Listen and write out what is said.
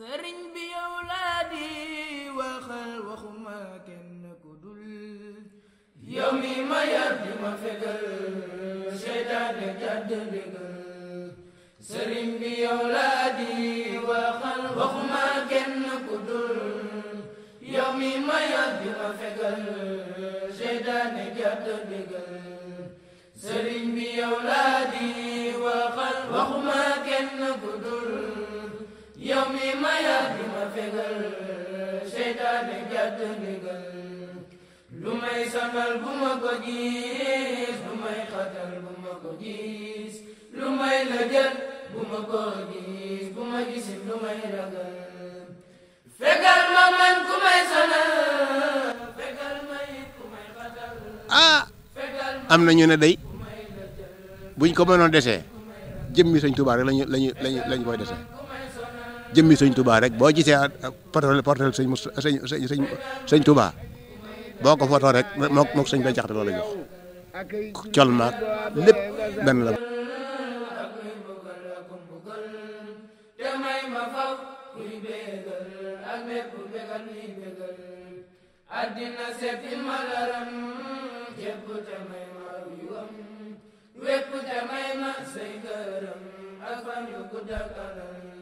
سرين بي أولادي وخل وخما كن كدل يومي ما يرضي ما فقل شيطان جد لقل سرين بي أولادي وخل وخما كن كدل يومي ما يرضي ما فقل شيطان جد لقل سرين بي أولادي وخل وخما كن كدل fegal seytaane jàdd ndigal lu may sonal bu ma ko gis lu may xatal bu ma ko gis lu may lëjal bu ma ko gis bu ma gisit lu may ragal fegal ma man ku may sonal fegal may ku may xatal ah am na ñu ne day buñ ko mënoon desee jëmmi Sëñ Tuubaa rek lañu lañu lañu lañu koy desee jëmmi sëñ Touba rek boo gisee portal portal sëñ sëñ sëñ sëñ Touba boo ko foto rek moo moo sëñ Bay Jaxate loolu la jox col maak lépp benn la addina seeti malaram képp te may ma yiwam wépp te may ma say gërëm ak fan yu gudd ak alal